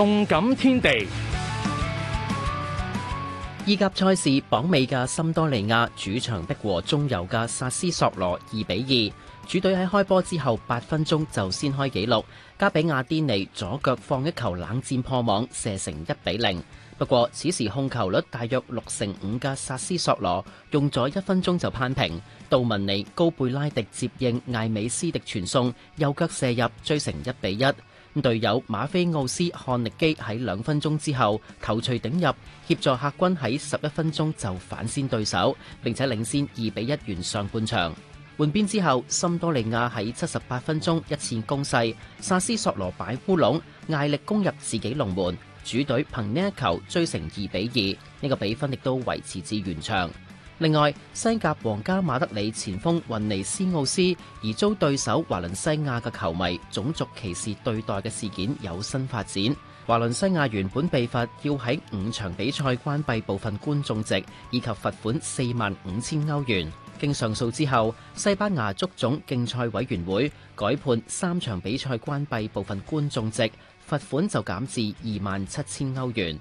動感天地，意甲賽事，榜尾嘅森多利亞主場逼和中游嘅薩斯索羅二比二。主隊喺開波之後八分鐘就先開紀錄，加比亞丁尼左腳放一球冷箭破網，射成一比零。不過此時控球率大約六成五嘅薩斯索羅用咗一分鐘就攀平，杜文尼高貝拉迪接應艾美斯迪傳送，右腳射入，追成一比一。隊友馬菲奧斯漢力基喺兩分鐘之後頭槌頂入，協助客軍喺十一分鐘就反先對手，並且領先二比一完上半場。換邊之後，森多利亞喺七十八分鐘一次攻勢，薩斯索羅擺烏龍，艾力攻入自己龍門，主隊憑呢一球追成二比二，呢個比分亦都維持至完場。另外，西甲皇家馬德里前鋒雲尼斯奧斯而遭對手華倫西亞嘅球迷種族歧視對待嘅事件有新發展。華倫西亞原本被罰要喺五場比賽關閉部分觀眾席，以及罰款四萬五千歐元。經上訴之後，西班牙足總競賽委員會改判三場比賽關閉部分觀眾席，罰款就減至二萬七千歐元。